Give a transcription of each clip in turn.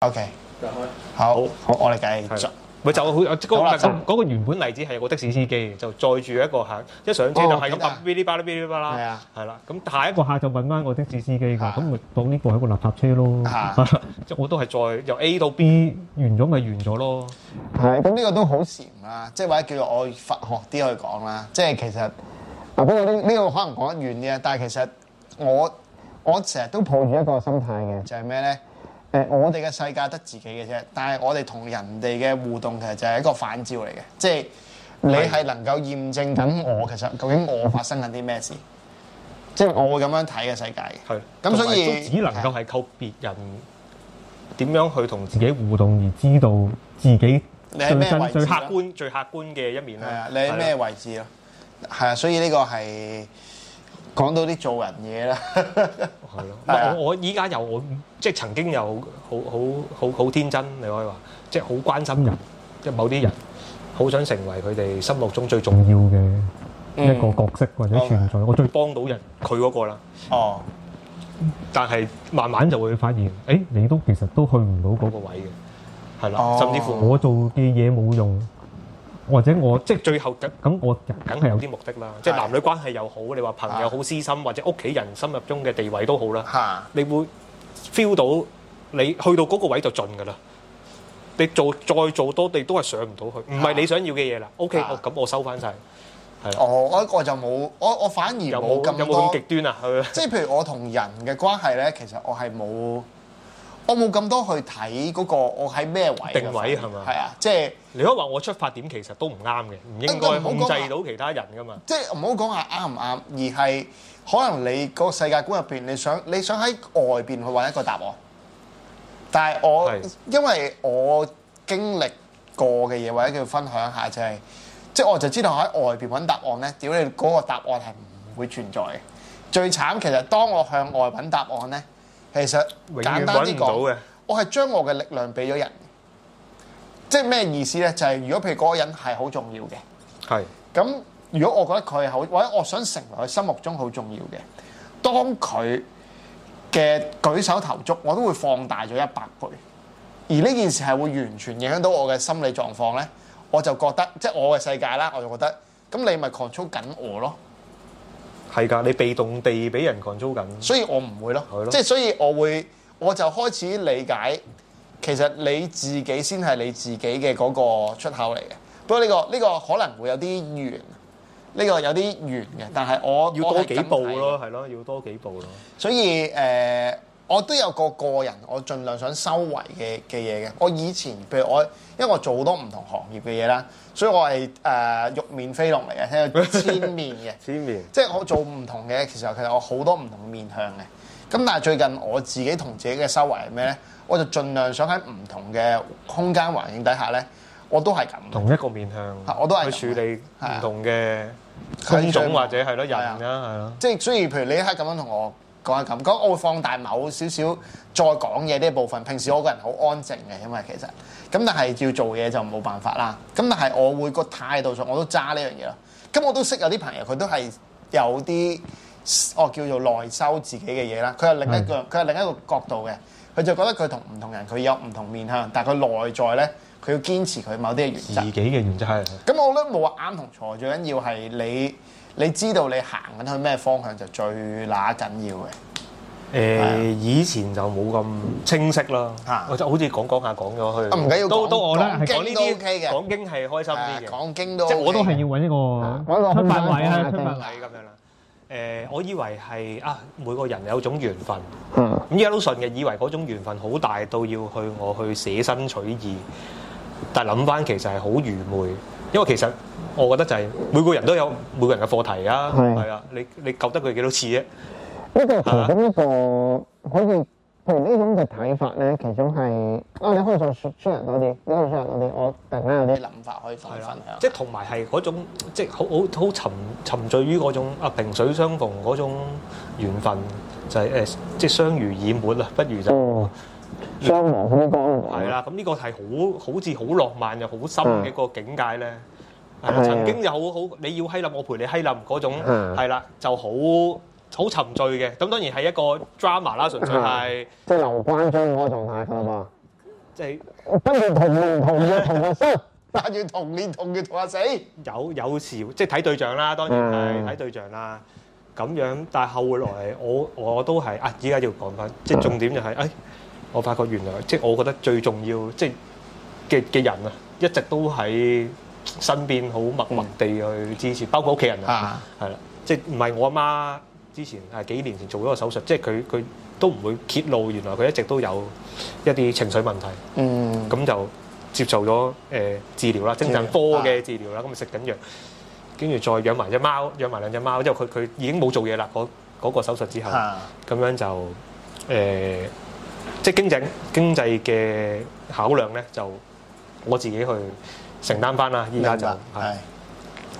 O K，好，好，我哋繼續。咪就好，嗰個唔係，嗰個原本例子係個的士司機，就載住一個客，一上車就係咁嗶哩吧啦嗶哩吧啦，係啊，係啦。咁下一個客就問翻個的士司機噶，咁咪當呢個係一個垃圾車咯。即係我都係再由 A 到 B 完咗咪完咗咯。係，咁呢個都好禪啦。即係或者叫做我佛學啲去講啦。即係其實，啊，不過呢呢個可能講得玄啲啊。但係其實我我成日都抱住一個心態嘅，就係咩咧？我哋嘅世界得自己嘅啫，但係我哋同人哋嘅互動其實就係一個反照嚟嘅，即係你係能夠驗證緊我其實究竟我發生緊啲咩事，我 即係我會咁樣睇嘅世界。係的，咁所以只能夠係靠別人點樣去同自己互動而知道自己最真相最客觀最客觀嘅一面咧。係啊，你喺咩位置咯？係啊的，所以呢個係。講到啲做人嘢啦，係 咯，我依家又我即係曾經又好好好好天真，你可以話即係好關心人，即係某啲人，好想成為佢哋心目中最重要嘅一個角色，或者存在。嗯、我最幫到人，佢嗰個啦。哦，但係慢慢就會發現，誒、欸，你都其實都去唔到嗰個位嘅，係啦，哦、甚至乎我做嘅嘢冇用。或者我即係最後咁，我梗係有啲目的啦。即係男女關係又好，你話朋友好私心，或者屋企人心入中嘅地位都好啦。嚇，你會 feel 到你去到嗰個位就盡㗎啦。你做再做多，你都係上唔到去，唔係你想要嘅嘢啦。OK，我咁我收翻曬。係。哦，我我就冇，我我反而冇咁。有冇咁極端啊？即係譬如我同人嘅關係咧，其實我係冇。我冇咁多去睇嗰個，我喺咩位？定位係咪？係啊，即係，你可以話我出發點其實都唔啱嘅，唔應該控制到其他人噶嘛。即係唔好講話啱唔啱，而係可能你個世界觀入邊，你想你想喺外邊去揾一個答案，但係我，係，因為我經歷過嘅嘢，或者叫分享下就係，即係我就知道喺外邊揾答案咧，屌你嗰個答案係唔會存在嘅。最慘其實當我向外揾答案咧。其實簡單啲講，我係將我嘅力量俾咗人，即係咩意思咧？就係如果譬如嗰個人係好重要嘅，係咁，如果我覺得佢係好，或者我想成為佢心目中好重要嘅，當佢嘅舉手投足，我都會放大咗一百倍。而呢件事係會完全影響到我嘅心理狀況咧，我就覺得即係我嘅世界啦，我就覺得咁你咪 control 緊我咯。係噶，你被動地俾人攔租緊，所以我唔會咯。係咯，即係所以，我會我就開始理解，其實你自己先係你自己嘅嗰個出口嚟嘅。不過呢個呢個可能會有啲遠，呢個有啲遠嘅。但係我要多幾步咯，係咯，要多幾步咯。所以誒。呃我都有個個人，我盡量想收圍嘅嘅嘢嘅。我以前譬如我，因為我做好多唔同行業嘅嘢啦，所以我係誒玉面飛龍嚟嘅，喺度千面嘅。千面，即係我做唔同嘅，其實其實我好多唔同嘅面向嘅。咁但係最近我自己同自己嘅收圍係咩咧？我就盡量想喺唔同嘅空間環境底下咧，我都係咁。同一個面向。我都係。去處理唔同嘅工種或者係咯人啦，係咯。即係所以譬如你一刻咁樣同我。講下咁，講我會放大某少少再講嘢呢一部分。平時我個人好安靜嘅，因為其實咁，但係要做嘢就冇辦法啦。咁但係我會個態度上我都揸呢樣嘢咯。咁我都識有啲朋友，佢都係有啲哦叫做內收自己嘅嘢啦。佢係另一個，佢係是另一個角度嘅。佢就覺得佢同唔同人佢有唔同面向，但係佢內在咧，佢要堅持佢某啲嘅原則。自己嘅原則係。咁我都冇話啱同錯，最緊要係你。你知道你行緊去咩方向就最那緊要嘅，誒，以前就冇咁清晰咯，嚇，我就好似講講下講咗去。都都我咧，講呢啲，講經係開心啲嘅，講經都。即係我都係要揾一個出發位啊，出發位咁樣啦。誒，我以為係啊，每個人有種緣分，嗯，咁而家都信嘅，以為嗰種緣分好大到要去我去捨身取義，但係諗翻其實係好愚昧。因為其實我覺得就係每個人都有每個人嘅課題啊，係的啊，你你救得佢幾多次啫。呢個同咁一個、啊、好似譬如種呢種嘅睇法咧，其中係啊，你可以再深入多啲，深入多啲。我突然間有啲諗法可以分享的的，即係同埋係嗰種即係好好好沉沉醉於嗰種啊萍水相逢嗰種緣分，就係、是、誒、就是啊、即係相濡以沫啊，不如就。相忘於江湖係啦，咁呢個係好好似好浪漫又好深嘅一個境界咧。曾經就好好，你要閪撚，我陪你閪撚嗰種係啦，就好好沉醉嘅。咁當然係一個 drama 啦，純粹係即係劉關張嗰個狀態係嘛？即係我跟住同年同月同日生，但住同年同月同日死，有有時即係睇對象啦。當然係睇對象啦，咁樣但係後來我我都係啊，依家要講返即係重點就係誒。我發覺原來即係我覺得最重要即係嘅嘅人啊，一直都喺身邊，好默默地去支持，嗯、包括屋企人啊，係啦，即係唔係我阿媽之前係幾年前做咗個手術，即係佢佢都唔會揭露，原來佢一直都有一啲情緒問題，咁、嗯、就接受咗誒、呃、治療啦，精神科嘅治療啦，咁食緊藥，跟住、嗯、再養埋隻貓，養埋兩隻貓，因為佢佢已經冇做嘢啦，嗰、嗰個手術之後，咁、啊、樣就誒。呃嗯即係經濟經濟嘅考量咧，就我自己去承擔翻啦。依家就係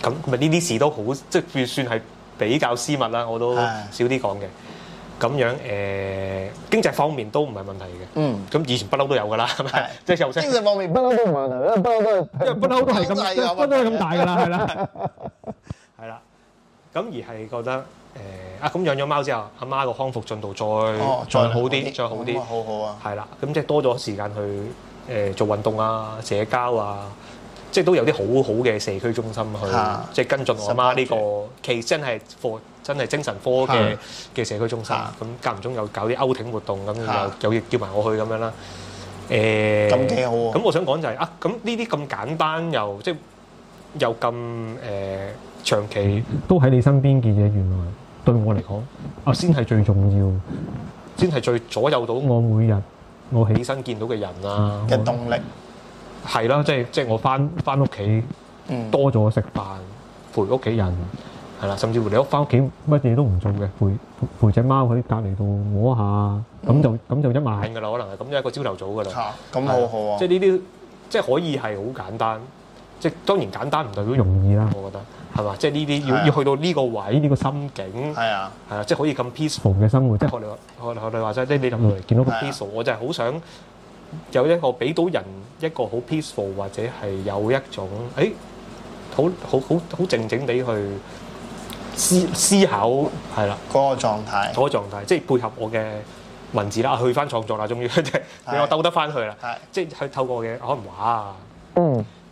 咁，唔係呢啲事都好，即係算係比較私密啦。我都少啲講嘅。咁樣誒、呃，經濟方面都唔係問題嘅。嗯，咁以前不嬲都有噶啦，係咪？即係就經濟方面不嬲都唔問題，不嬲都不，因為不嬲都係咁大，不嬲都係咁大噶啦，係啦，係啦。咁而係覺得。誒啊！咁養咗貓之後，阿媽個康復進度再再好啲，再好啲，好好啊！係啦，咁即係多咗時間去誒做運動啊、社交啊，即係都有啲好好嘅社區中心去，即係跟進我阿媽呢個，其實真係科真係精神科嘅嘅社區中心。咁間唔中又搞啲歐艇活動，咁又又叫埋我去咁樣啦。誒，咁幾好啊！咁我想講就係啊，咁呢啲咁簡單又即係又咁誒長期都喺你身邊嘅嘢，原來。對我嚟講，啊先係最重要，先係最左右到我每日我起身見到嘅人啊嘅動力，係啦，即係即係我返返屋企，多咗食飯，陪屋企人，係啦，甚至乎你屋返屋企乜嘢都唔做嘅，陪陪隻貓喺隔籬度摸下，咁就咁就一晚噶啦，可能係咁一個朝頭早噶啦。嚇，咁啊，好啊，即係呢啲即係可以係好簡單，即係當然簡單唔代表容易啦，我覺得。係嘛？即係呢啲要要去到呢個位，呢個心境係啊，係啊，即係可以咁 peaceful 嘅生活。即係學你話，學學你話齋，即係你諗到嚟見到個 peaceful，我真係好想有一個俾到人一個好 peaceful，或者係有一種誒好好好好靜靜地去思思考係啦，嗰個狀態，嗰個狀態，即係配合我嘅文字啦，去翻創作啦，終於俾我鬥得翻去啦，係即係透過嘅可能畫啊，嗯。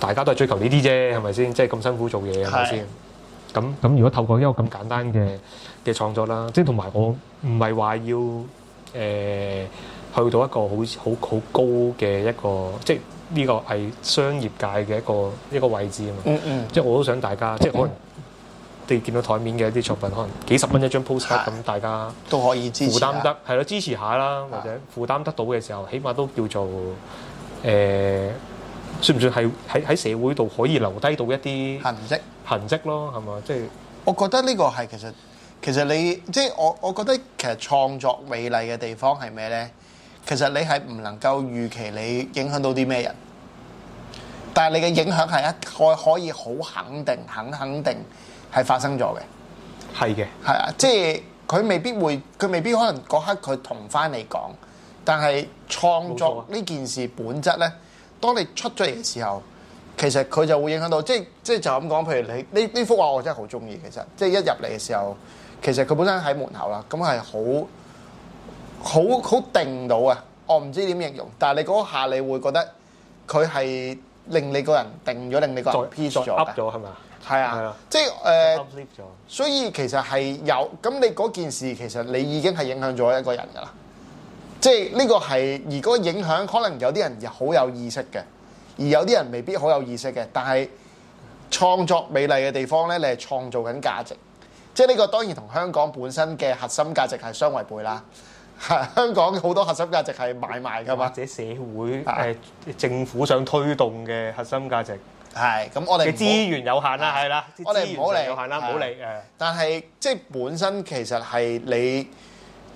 大家都係追求呢啲啫，係咪先？即係咁辛苦做嘢，係咪先？咁咁，如果透過一個咁簡單嘅嘅創作啦，即係同埋我唔係話要誒去到一個好好好高嘅一個，即係呢個係商業界嘅一個一個位置啊嘛。嗯嗯。即係我都想大家，即係可能你見到台面嘅一啲作品，可能幾十蚊一張 postcard 咁，大家都可以支持。負擔得係咯，支持下啦，或者負擔得到嘅時候，起碼都叫做誒。算唔算係喺喺社會度可以留低到一啲痕跡痕跡咯，係嘛？即係我覺得呢個係其實其實你即係我我覺得其實創作美麗嘅地方係咩咧？其實你係唔能夠預期你影響到啲咩人，但係你嘅影響係一個可以好肯定、肯肯定係發生咗嘅。係嘅，係啊！即係佢未必會，佢未必可能嗰刻佢同翻你講，但係創作呢件事本質咧。當你出咗嚟嘅時候，其實佢就會影響到，即係即係就咁講。譬如你呢呢幅畫，我真係好中意。其實即係一入嚟嘅時候，其實佢本身喺門口啦，咁係好好好定到啊！我唔知點形容，但係你嗰下你會覺得佢係令你個人定咗，令你個人 p i 咗嘅，係咪啊？係啊，即係誒，呃、所以其實係有咁，咁你嗰件事其實你已經係影響咗一個人㗎啦。即係呢個係如果影響，可能有啲人好有意識嘅，而有啲人未必好有意識嘅。但係創作美麗嘅地方咧，你係創造緊價值。即係呢個當然同香港本身嘅核心價值係相違背啦。香港好多核心價值係買賣嘅，或者社會、啊、政府想推動嘅核心價值係。咁、啊、我哋資源有限啦，係啦、啊，我哋唔好理有限啦，唔好、啊、理、啊、但係即係本身其實係你，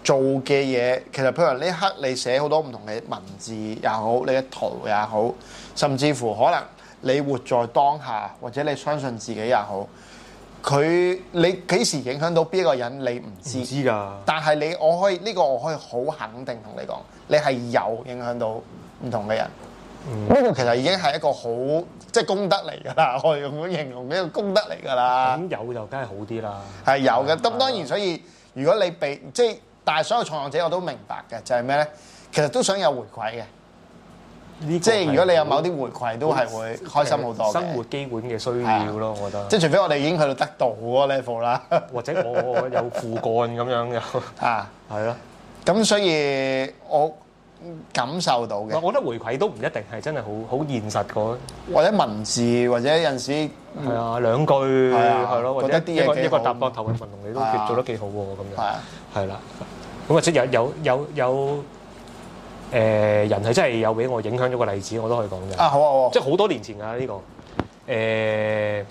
做嘅嘢其實譬如呢一刻你寫好多唔同嘅文字也好，你嘅圖也好，甚至乎可能你活在當下，或者你相信自己也好，佢你幾時影響到邊一個人你唔知？知㗎。但係你我可以呢、呢個我可以好肯定同你講，你係有影響到唔同嘅人。呢個、嗯、其實已經係一個好即係功德嚟㗎啦。我係咁樣形容呢一個功德嚟㗎啦。咁有就梗係好啲啦。係有嘅。咁當然所以如果你被即係。但係所有創業者我都明白嘅，就係咩咧？其實都想有回饋嘅，這個 即係如果你有某啲回饋，都係會開心好多生活基本嘅需要咯、啊，我覺得。即係除非我哋已經去到得到 level 啦， 或者我，我有副幹咁樣嘅。 啊，係咯、 啊。咁、啊、所以，我。感受到嘅，我覺得回饋都唔一定係真係好好現實個，或者文字，或者有陣時係啊兩句係咯，或者一個一個答膊頭嘅運動，你都做得幾好喎咁樣，係啦，咁或者有有有有誒人係真係有俾我影響咗個例子，我都可以講嘅啊好啊，即係好多年前㗎呢個誒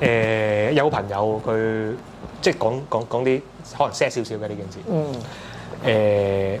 誒有朋友佢即係講講講啲可能 sad 少少嘅呢件事，嗯誒。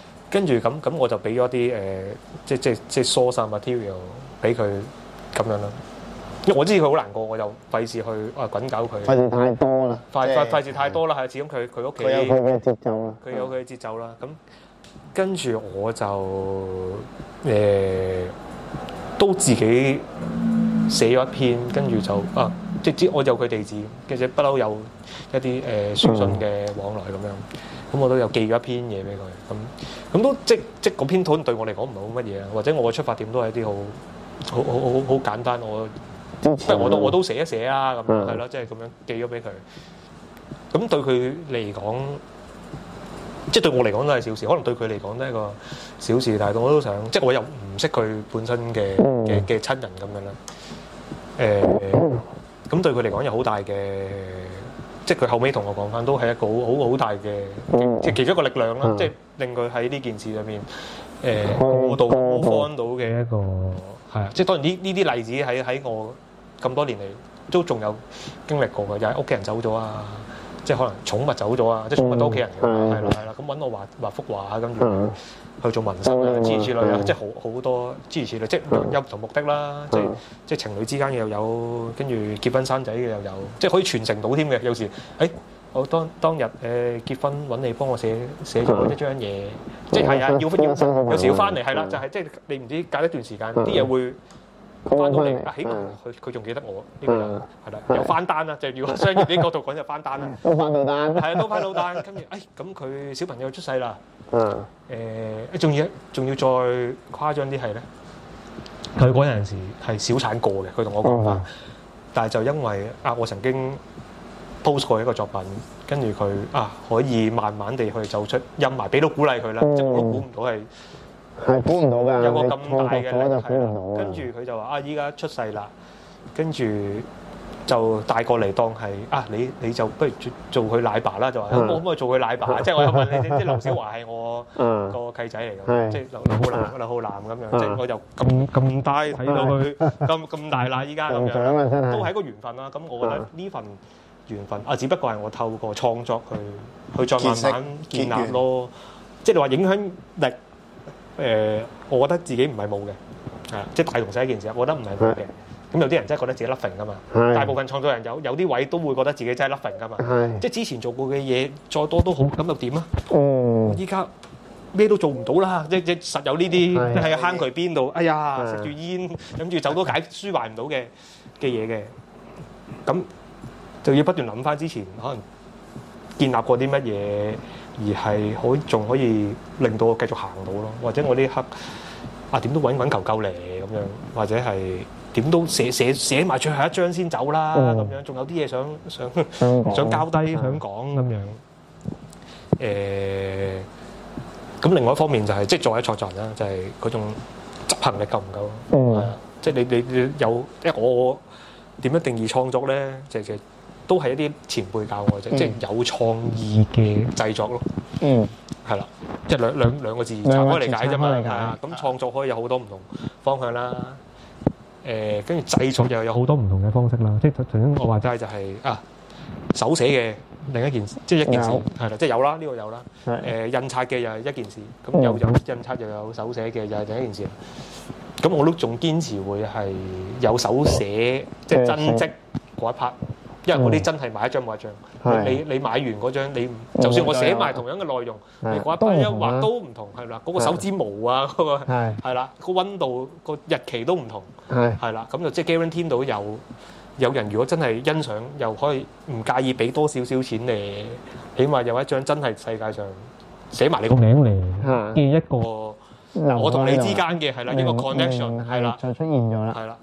跟住咁咁，我就俾咗啲誒，即即即疏散 material 俾佢咁樣啦。因為我知佢好難過，我就費事去啊，搵搞佢滾搞佢。費事太多啦，費費事太多啦，係始終佢佢屋企。佢是有佢嘅節奏啦，佢有佢嘅節奏啦。咁、嗯嗯、跟住我就誒、呃、都自己寫咗一篇，跟住就啊，直接我有佢地址，跟住不嬲有一啲誒書信嘅往來咁樣。嗯咁我都有寄咗一篇嘢俾佢，咁咁都即即嗰篇套對我嚟講唔係好乜嘢，或者我嘅出發點都係一啲好好好好好簡單，我不如我都我都寫一寫啊，咁樣係咯，即係咁樣寄咗俾佢。咁對佢嚟講，即係對我嚟講都係小事，可能對佢嚟講都係個小事，但係我都想，即係我又唔識佢本身嘅嘅嘅親人咁樣啦。誒，咁對佢嚟講又好大嘅。即係佢後尾同我講翻，都係一個好好好大嘅即係其中一個力量啦。嗯、即係令佢喺呢件事上面誒過、呃嗯、到 overcome 到嘅一個係的啊。即係當然呢呢啲例子喺喺我咁多年嚟都仲有經歷過嘅，又係屋企人走咗啊。即係可能寵物走咗啊！即係寵物到屋企人㗎，係啦，係啦，咁揾、嗯、我畫畫幅畫，跟住去做紋身啊之類啊，嗯、即係好好多之類之類，即係有唔同目的啦。即係即係情侶之間嘅又有，跟住結婚生仔嘅又有，即係可以傳承到添嘅。有時誒、欸，我當當日誒、呃、結婚揾你幫我寫寫咗一張嘢、嗯哎就是，即係係啊，要要翻，有時要翻嚟係啦，就係即係你唔知隔一段時間啲嘢會。翻到嚟，嗱，起碼佢佢仲記得我，呢個係啦，又翻單啦，就如果商業啲角度講就翻單啦，翻到單，係啊，翻到單，跟住，哎，咁佢小朋友出世啦，誒，仲要仲要再誇張啲係咧，佢嗰陣時係小產過嘅，佢同我講翻，但係就因為啊，我曾經 post 過一個作品，跟住佢啊，可以慢慢地去走出，因埋俾到鼓勵佢啦，即係我都估唔到係。係估唔到嘅，有個咁大嘅，我就估唔到。跟住佢就話：啊，依家出世啦，跟住就帶過嚟當係啊，你你就不如做做佢奶爸啦，就話可唔可以做佢奶爸？即係我有問你，即係劉小華係我個契仔嚟嘅，即係劉浩南、劉浩南咁樣，即係我就咁咁大睇到佢咁咁大啦，依家咁樣都係一個緣分啦。咁我覺得呢份緣分啊，只不過係我透過創作去去再慢慢建立咯。即係你話影響力。誒，我覺得自己唔係冇嘅，係即係大同世一件事，我覺得唔係冇嘅。咁有啲人真係覺得自己甩馴㗎嘛，大部分創作人有有啲位都會覺得自己真係甩馴㗎嘛。即係之前做過嘅嘢再多都好，咁又點啊？依家咩都做唔到啦！即即實有呢啲係慳佢邊度？哎呀，食住煙，飲住酒都解舒懷唔到嘅嘅嘢嘅。咁就要不斷諗翻之前可能建立過啲乜嘢。而係可仲可以令到我繼續行到咯，或者我呢刻啊點都揾揾求救嚟咁樣，或者係點都寫寫寫埋最後一張先走啦咁樣，仲有啲嘢想想想交低香港咁樣。誒，咁另外一方面就係即係作為創作人啦，就係嗰種執行力夠唔夠啊？即係你你你有，因為我點樣定義創作咧？即係。都係一啲前輩教我啫，即係有創意嘅製作咯。嗯，係啦，即係兩兩兩個字拆開理解啫嘛。係啊，咁創作可以有好多唔同方向啦。誒，跟住製作又有好多唔同嘅方式啦。即係頭先我話齋就係啊，手寫嘅另一件事，即係一件事係啦，即係有啦，呢個有啦。誒，印刷嘅又係一件事，咁又有印刷又有手寫嘅又係另一件事。咁我都仲堅持會係有手寫，即係增值嗰一 part。因為我啲真係買一張畫像，你你買完嗰張，你就算我寫埋同樣嘅內容，你一筆一畫都唔同，係啦，嗰個手指模啊，係係啦，個溫度、個日期都唔同，係係啦，咁就即係 guarantee 到有有人如果真係欣賞，又可以唔介意俾多少少錢嚟，起碼有一張真係世界上寫埋你個名嚟，見一個我同你之間嘅係啦，一個 connection 係啦，就出現咗啦，係啦。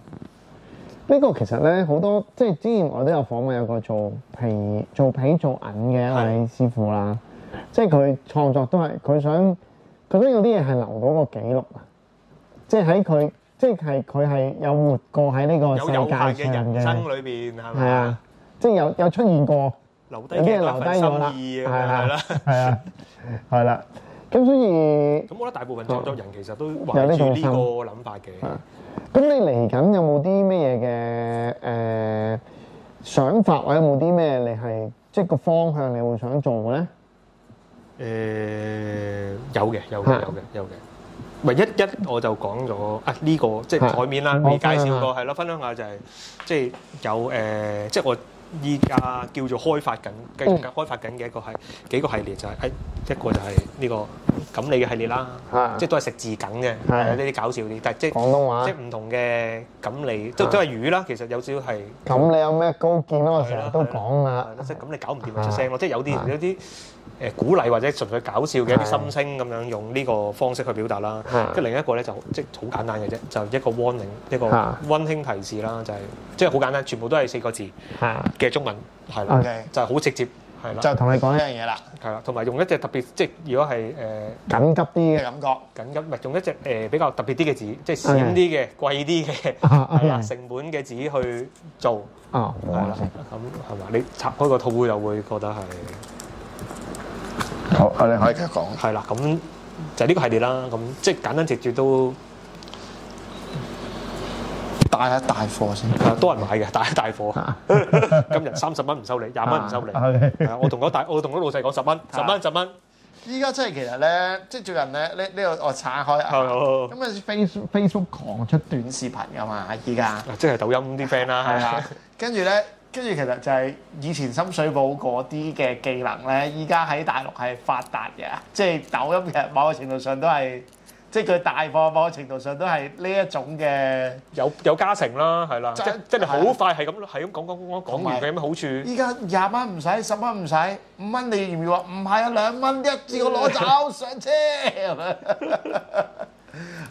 呢個其實咧好多，即係之前我都有訪問有個做皮做皮做銀嘅一位師傅啦，是即係佢創作都係佢想，佢想有啲嘢係留到個記錄啊，即係喺佢，即係佢係有活過喺呢個世界上嘅，人生裏面係咪啊？即係有有出現過，有咩留低心意 啊？係啦、啊，係啦、啊，係啦、啊，咁、啊啊啊、 所以咁我覺得大部分創作人其實都懷住呢個諗法嘅。咁你嚟緊有冇啲咩嘢嘅誒想法，或者有冇啲咩你係即個方向你會想做咧？誒有嘅，有嘅，有嘅，有嘅。唔係一一我就講咗啊，呢個即係台面啦，未介紹過，係咯，分享下就係即係有誒，即係我。依家叫做開發緊，繼續緊開發緊嘅一個係幾個系列就係誒一個就係呢個錦鯉嘅系列啦，即係都係食字梗嘅，係呢啲搞笑啲，但係即係廣東話，即係唔同嘅錦鯉，都都係魚啦。其實有少少係。咁你有咩高見咧對了？我成日都講啊，即係咁你搞唔掂咪出聲咯。即係有啲有啲。誒鼓勵或者純粹搞笑嘅一啲心聲咁樣用呢個方式去表達啦。即另一個咧就即好簡單嘅啫，就一個 warning，一個溫馨提示啦，就係即好簡單，全部都係四個字嘅中文，係啦，就係好直接，係啦，就同你講一樣嘢啦，係啦，同埋用一隻特別，即如果係誒緊急啲嘅感覺，緊急咪用一隻誒比較特別啲嘅紙，即閃啲嘅、貴啲嘅係啊，成本嘅紙去做啊，係啦，咁係嘛？你拆開個套會又會覺得係。好，我哋可以繼續講。係啦，咁就呢個系列啦，咁即係簡單直接都帶一帶貨先。啊，多人買嘅，帶一帶貨。今日三十蚊唔收你，廿蚊唔收你。我同嗰大，我同嗰老細講十蚊，十蚊十蚊。依家真係其實咧，即係最近咧，呢呢度我拆開。咁啊，Facebook Facebook 狂出短視頻噶嘛，依家即係抖音啲 friend 啦，係啊。跟住咧。跟住其實就係以前深水埗嗰啲嘅技能咧，依家喺大陸係發達嘅，即係抖音嘅某個程度上都係，即係佢大貨某個程度上都係呢一種嘅有有加成啦，係啦，即即係好快係咁係咁講講講講完佢有咩好處。依家廿蚊唔使，十蚊唔使，五蚊你唔要話，唔係啊，兩蚊一次我攞走上車。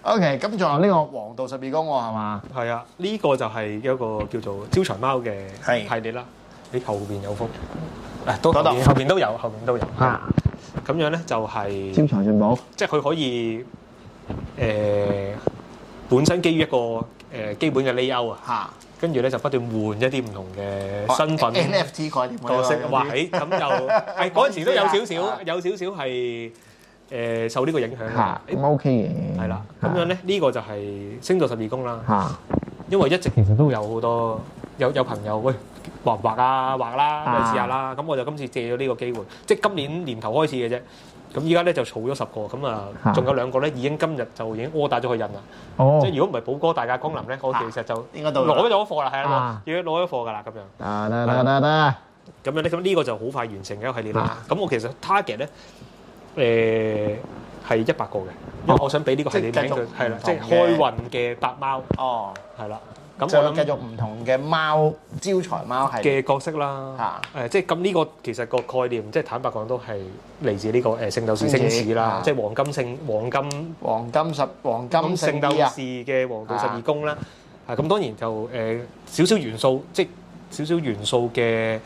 O.K.，咁仲有呢個黃道十二宮係嘛？係啊，呢個就係一個叫做招財貓嘅系列啦。你後邊有幅，誒，都後邊後邊都有，後邊都有啊。咁樣咧就係招財進寶，即係佢可以誒，本身基於一個誒基本嘅 Leo 啊，跟住咧就不斷換一啲唔同嘅身份 NFT 概念角色，哇！咁就係嗰陣時都有少少，有少少係。誒受呢個影響，嚇，咁 OK 嘅，係啦。咁樣咧，呢個就係星座十二宮啦。嚇，因為一直其實都有好多有有朋友喂，畫唔畫啊？畫啦，咁嚟試下啦。咁我就今次借咗呢個機會，即係今年年頭開始嘅啫。咁依家咧就儲咗十個，咁啊，仲有兩個咧已經今日就已經柯打咗去印啦。哦，即係如果唔係寶哥大駕光臨咧，我其實就應該攞咗貨啦，係啊，如果攞咗貨噶啦咁樣。啊啦啦啦啦，咁樣咧，咁呢個就好快完成嘅一個系列啦。咁我其實 target 咧。誒係一百個嘅，因為我想俾呢個係你名，係啦，即係開運嘅白貓。哦，係啦，咁我諗繼續唔同嘅貓招財貓係嘅角色啦。嚇、嗯，誒即係咁呢個其實個概念，即係坦白講都係嚟自呢個誒聖鬥士星矢啦，嗯、即係黃金聖黃金黃金十黃金聖鬥士嘅黃道十二宮啦。啊、嗯，咁當然就誒少少元素，即係少少元素嘅。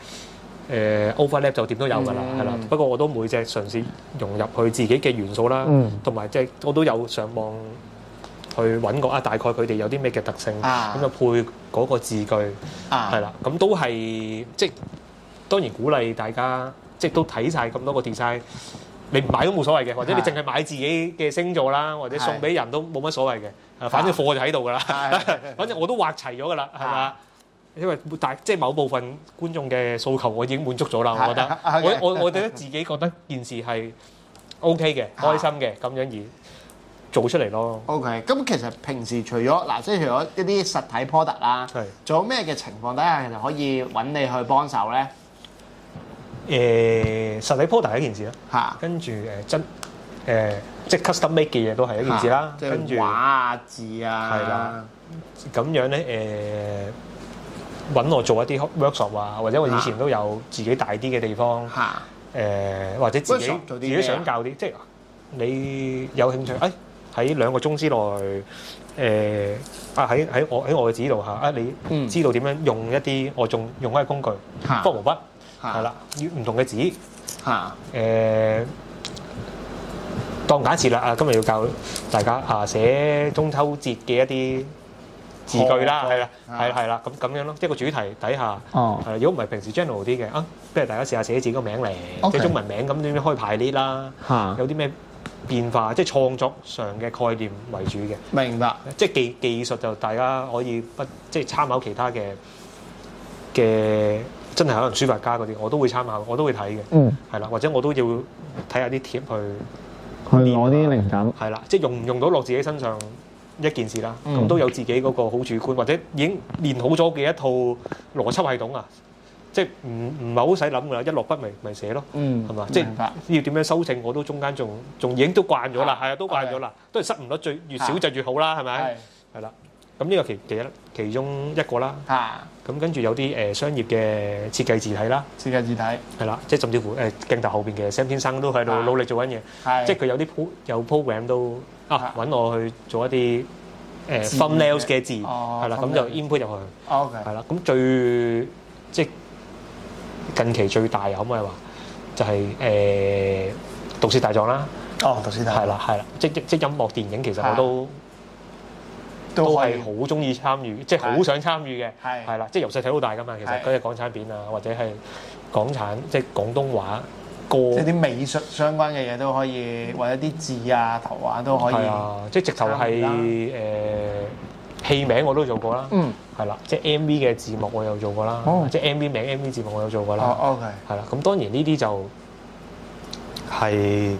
誒、呃、overlap 就點都有㗎啦，係啦、mm hmm. 不過我都每隻嘗試融入佢自己嘅元素啦，同埋即係我都有上網去揾過啊，大概佢哋有啲咩嘅特性，咁就、uh huh. 配嗰個字句，係啦、uh。咁、huh. 嗯、都係即係當然鼓勵大家，即係都睇晒咁多個 design，你唔買都冇所謂嘅，或者你淨係買自己嘅星座啦，或者送俾人都冇乜所謂嘅。Uh huh. 反正貨就喺度㗎啦，uh huh. 反正我都畫齊咗㗎啦，係嘛？Uh huh. 因為大即係某部分觀眾嘅訴求，我已經滿足咗啦。我覺得我我我哋咧自己覺得件事係 O K 嘅，開心嘅咁樣而做出嚟咯。O K，咁其實平時除咗嗱，即係除咗一啲實體 product 啊，仲有咩嘅情況底下其實可以揾你去幫手咧？誒，實體 product 係一件事咯，嚇。跟住誒，真誒即係 custom make 嘅嘢都係一件事啦。跟住畫字啊，係啦，咁樣咧誒。揾我做一啲 workshop 啊，或者我以前都有自己大啲嘅地方，誒、啊呃、或者自己自己想教啲，即係你有興趣，誒喺兩個鐘之內，誒啊喺喺我喺我嘅指導下啊，你知道點樣用一啲我仲用嘅工具，乾毛、啊、筆係啦，要唔、啊、同嘅紙，誒、啊呃、當假設啦，啊今日要教大家啊寫中秋節嘅一啲。字句啦，係啦，係啦，係啦，咁咁樣咯，即係個主題底下，係、oh. 如果唔係平時 general 啲嘅，啊，不如大家試下寫自己個名嚟，即係 Okay. 中文名咁點樣開排列啦，嚇、啊，有啲咩變化，即係創作上嘅概念為主嘅，明白，即係技技術就大家可以不即係參考其他嘅嘅，真係可能書法家嗰啲，我都會參考，我都會睇嘅，嗯，係啦，或者我都要睇下啲貼去去攞啲靈感，係啦，即係用唔用到落自己身上。一件事啦，咁都有自己嗰個好主觀，或者已經練好咗嘅一套邏輯系統啊，即係唔唔係好使諗噶啦，一落筆咪咪寫咯，嗯，係嘛？即係要點樣修正，我都中間仲仲已經都慣咗啦，係啊，都慣咗啦，都係失誤率最越少就越好啦，係咪？係啦，咁呢個其其一其中一個啦。咁跟住有啲誒商業嘅設計字體啦，設計字體係啦，即係甚至乎誒鏡頭後邊嘅 Sam 先生都喺度努力做緊嘢，即係佢有啲有 program 都啊揾我去做一啲誒 thumbnails 嘅字，係啦，咁就 input 入去，OK，係啦，咁最即係近期最大又可唔可以話就係誒毒舌大狀啦，哦，毒舌大，係啦係啦，即即即音樂電影其實我都。都係好中意參與，即係好想參與嘅，係啦，即係由細睇到大噶嘛。其實嗰啲港產片啊，或者係港產即係廣東話歌，即係啲美術相關嘅嘢都可以，或者啲字啊、圖畫都可以。係啊，即係直頭係誒戲名我都做過啦。嗯，係啦，即係 M V 嘅字幕我有做過啦。哦，即係 M V 名、M V 字幕我有做過啦。OK，係啦。咁當然呢啲就係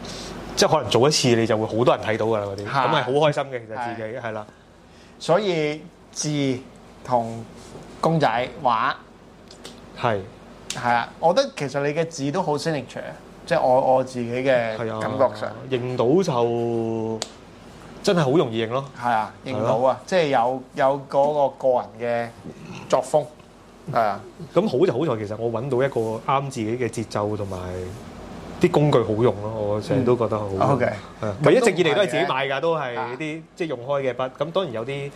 即係可能做一次你就會好多人睇到㗎啦。嗰啲咁係好開心嘅，其實自己係啦。所以字同公仔畫係係啊，我覺得其實你嘅字都好 signature，即係我我自己嘅感覺上認到就真係好容易認咯，係啊認到啊，的即係有有嗰個個人嘅作風係啊，咁好就好在其實我揾到一個啱自己嘅節奏同埋，啲工具好用咯，我成日都覺得好。OK，係咪一直以嚟都係自己買㗎？都係啲即係用開嘅筆。咁當然有啲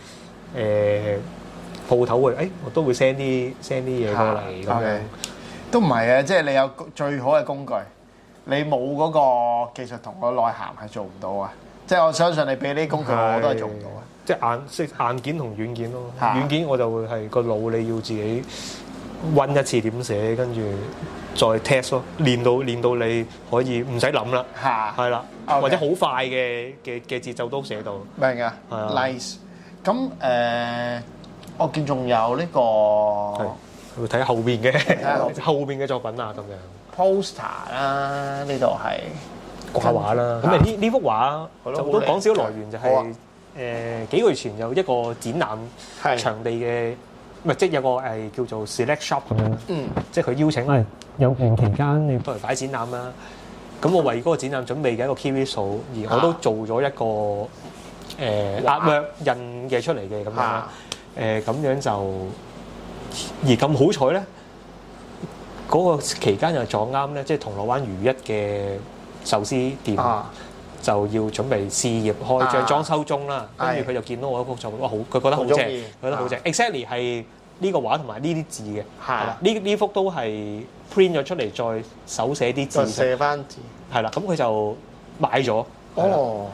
誒鋪頭會，誒我都會 send 啲 send 啲嘢過嚟咁樣。都唔係啊，即係你有最好嘅工具，你冇嗰個技術同個內涵係做唔到啊！即係我相信你俾呢啲工具，我都係做唔到啊！即係硬硬件同軟件咯，軟件我就會係個腦，你要自己揾一次點寫，跟住。再 test 咯，練到練到你可以唔使諗啦，係啦，或者好快嘅嘅嘅節奏都寫到明㗎，nice。咁誒，我見仲有呢個，睇下後邊嘅後邊嘅作品啊，咁樣 poster 啦，呢度係掛畫啦。咁啊呢呢幅畫，我都講少少來源就係誒幾個月前有一個展覽場地嘅。咪即係有個誒叫做 select shop 咁樣，嗯，即係佢邀請，誒有期期間你不如擺展覽啦。咁我為嗰個展覽準備嘅一個 KV 數，而我都做咗一個誒壓鑄印嘅出嚟嘅咁樣，誒咁樣就而咁好彩咧，嗰個期間又撞啱咧，即係銅鑼灣如一嘅壽司店就要準備試業開張，仲係裝修中啦。跟住佢就見到我一幅作品，哇好，佢覺得好正，佢覺得好正。Exactly 係。呢個畫同埋呢啲字嘅係呢呢幅都係 print 咗出嚟，再手寫啲字，寫翻字係啦。咁佢就買咗哦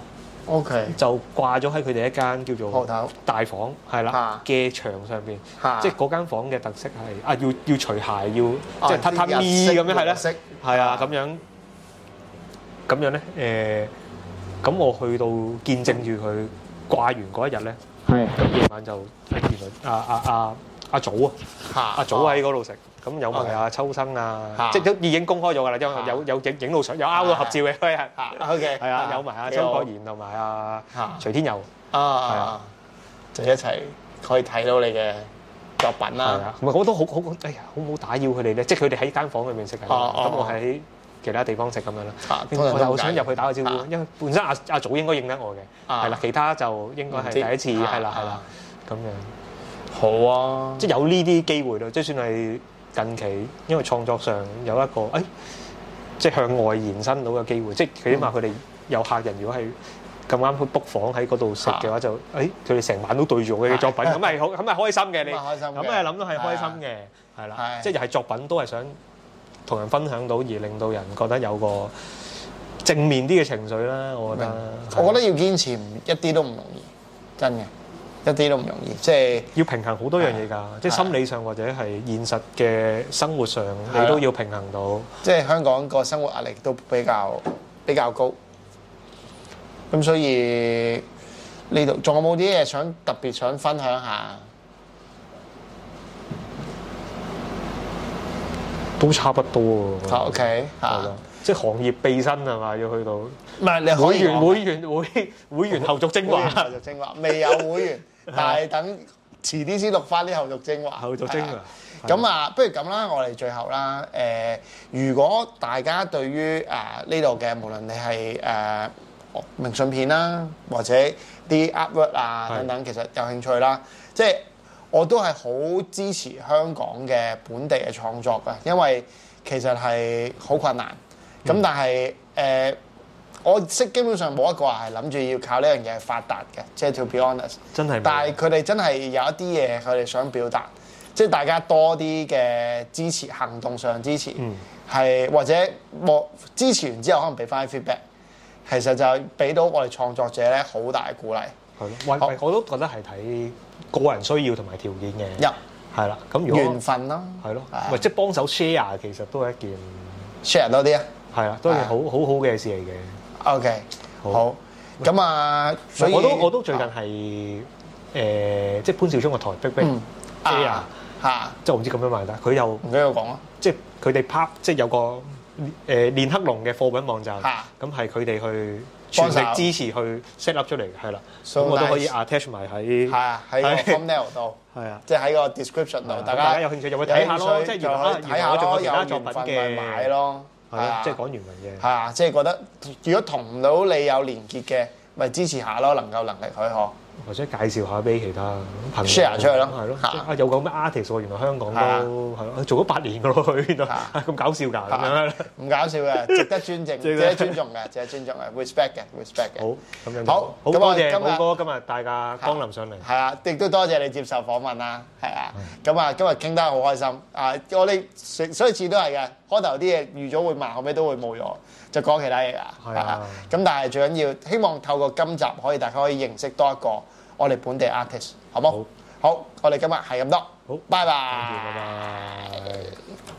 ，OK 就掛咗喺佢哋一間叫做鋪頭大房係啦嘅牆上邊，即係嗰間房嘅特色係啊，要要除鞋，要即係榻榻米咁樣係咧，係啊咁樣咁樣咧。誒咁我去到見證住佢掛完嗰一日咧，係咁夜晚就睇見佢啊啊啊！阿祖啊，阿祖喺嗰度食，咁有埋阿秋生啊，即係都已已經公開咗㗎啦，因為有有影影到相，有拗到合照嘅嗰日。OK，係啊，有埋阿張國炎同埋阿徐天佑啊，就一齊可以睇到你嘅作品啦。唔係，我都好好，哎呀，好唔好打擾佢哋咧？即係佢哋喺間房裏面食，咁我喺其他地方食咁樣啦。我又想入去打個招呼，因為本身阿阿祖應該認得我嘅，係啦，其他就應該係第一次，係啦係啦，咁樣。好啊！即係有呢啲機會啦，即係算係近期，因為創作上有一個誒，即係向外延伸到嘅機會。即係起碼佢哋有客人，如果係咁啱去 book 房喺嗰度食嘅話，就誒佢哋成晚都對住我嘅作品，咁係好，咁係開心嘅。你開心，咁係諗到係開心嘅，係啦，即係又係作品都係想同人分享到，而令到人覺得有個正面啲嘅情緒啦。我覺得，我覺得要堅持一啲都唔容易，真嘅。一啲都唔容易，即係要平衡好多樣嘢噶，即係心理上或者係現實嘅生活上，你都要平衡到。即係香港個生活壓力都比較比較高，咁所以呢度仲有冇啲嘢想特別想分享下？都差唔多啊。OK 吓，即係行業備身係嘛？要去到唔係你會員會員會會員後續精華，後續精華未有會員。 但係等遲啲先錄翻啲後續精華。後續精咁啊，啊，啊，不如咁啦，我哋最後啦。誒、呃，如果大家對於誒呢度嘅無論你係誒、呃、明信片啦，或者啲 artwork 啊等等，是其實有興趣啦，即係我都係好支持香港嘅本地嘅創作嘅，因為其實係好困難。咁、嗯、但係誒。呃我識基本上冇一個話係諗住要靠呢樣嘢發達嘅，即係 to be honest 真。真係，但係佢哋真係有一啲嘢佢哋想表達，即係大家多啲嘅支持，行動上支持，係、嗯、或者我支持完之後可能俾翻啲 feedback，其實就係俾到我哋創作者咧好大嘅鼓勵。係咯，我都覺得係睇個人需要同埋條件嘅。一、嗯，係啦，咁如果緣分啦、啊，係咯，即係幫手 share 其實都係一件 share 多啲啊，係啊，都係好好好嘅事嚟嘅。O.K. 好，咁啊，所以我都我都最近係誒，即潘少忠個台逼逼，即啊嚇，即我唔知咁樣賣啦，佢又唔記得我講啦，即佢哋 pop 即有個誒練黑龍嘅貨品網站嚇，咁係佢哋去全力支持去 set up 出嚟，係啦，咁我都可以 attach 埋喺啊，喺 Thumbnail 度，係啊，即喺個 description 度，大家大家有興趣就可以睇下咯，即可能睇下仲有其他作品嘅買咯。係啊，即係講原文嘅。係啊，即係覺得如果同唔到你有連結嘅，咪支持下咯，能夠能力許可。或者介紹下俾其他朋友 share 出去咯，係咯。嚇！有個咩 artist 喎，原來香港都係咯，做咗八年噶咯，去邊度？嚇！咁搞笑㗎，唔搞笑嘅，值得尊敬，值得尊重嘅，值得尊重嘅，respect 嘅，respect 嘅。好，咁樣。好，好多謝寶哥今日大駕光臨上嚟。係啊，亦都多謝你接受訪問啦。係啊，咁啊，今日傾得好開心。啊，我哋所所以次都係嘅。嗰頭啲嘢預咗會慢，後尾都會冇咗，就講其他嘢啦。係啊的，咁、嗯、但係最緊要希望透過今集可以大家可以認識多一個我哋本地 artist，好冇？好，好，我哋今日係咁多，好，拜拜。謝謝，拜拜。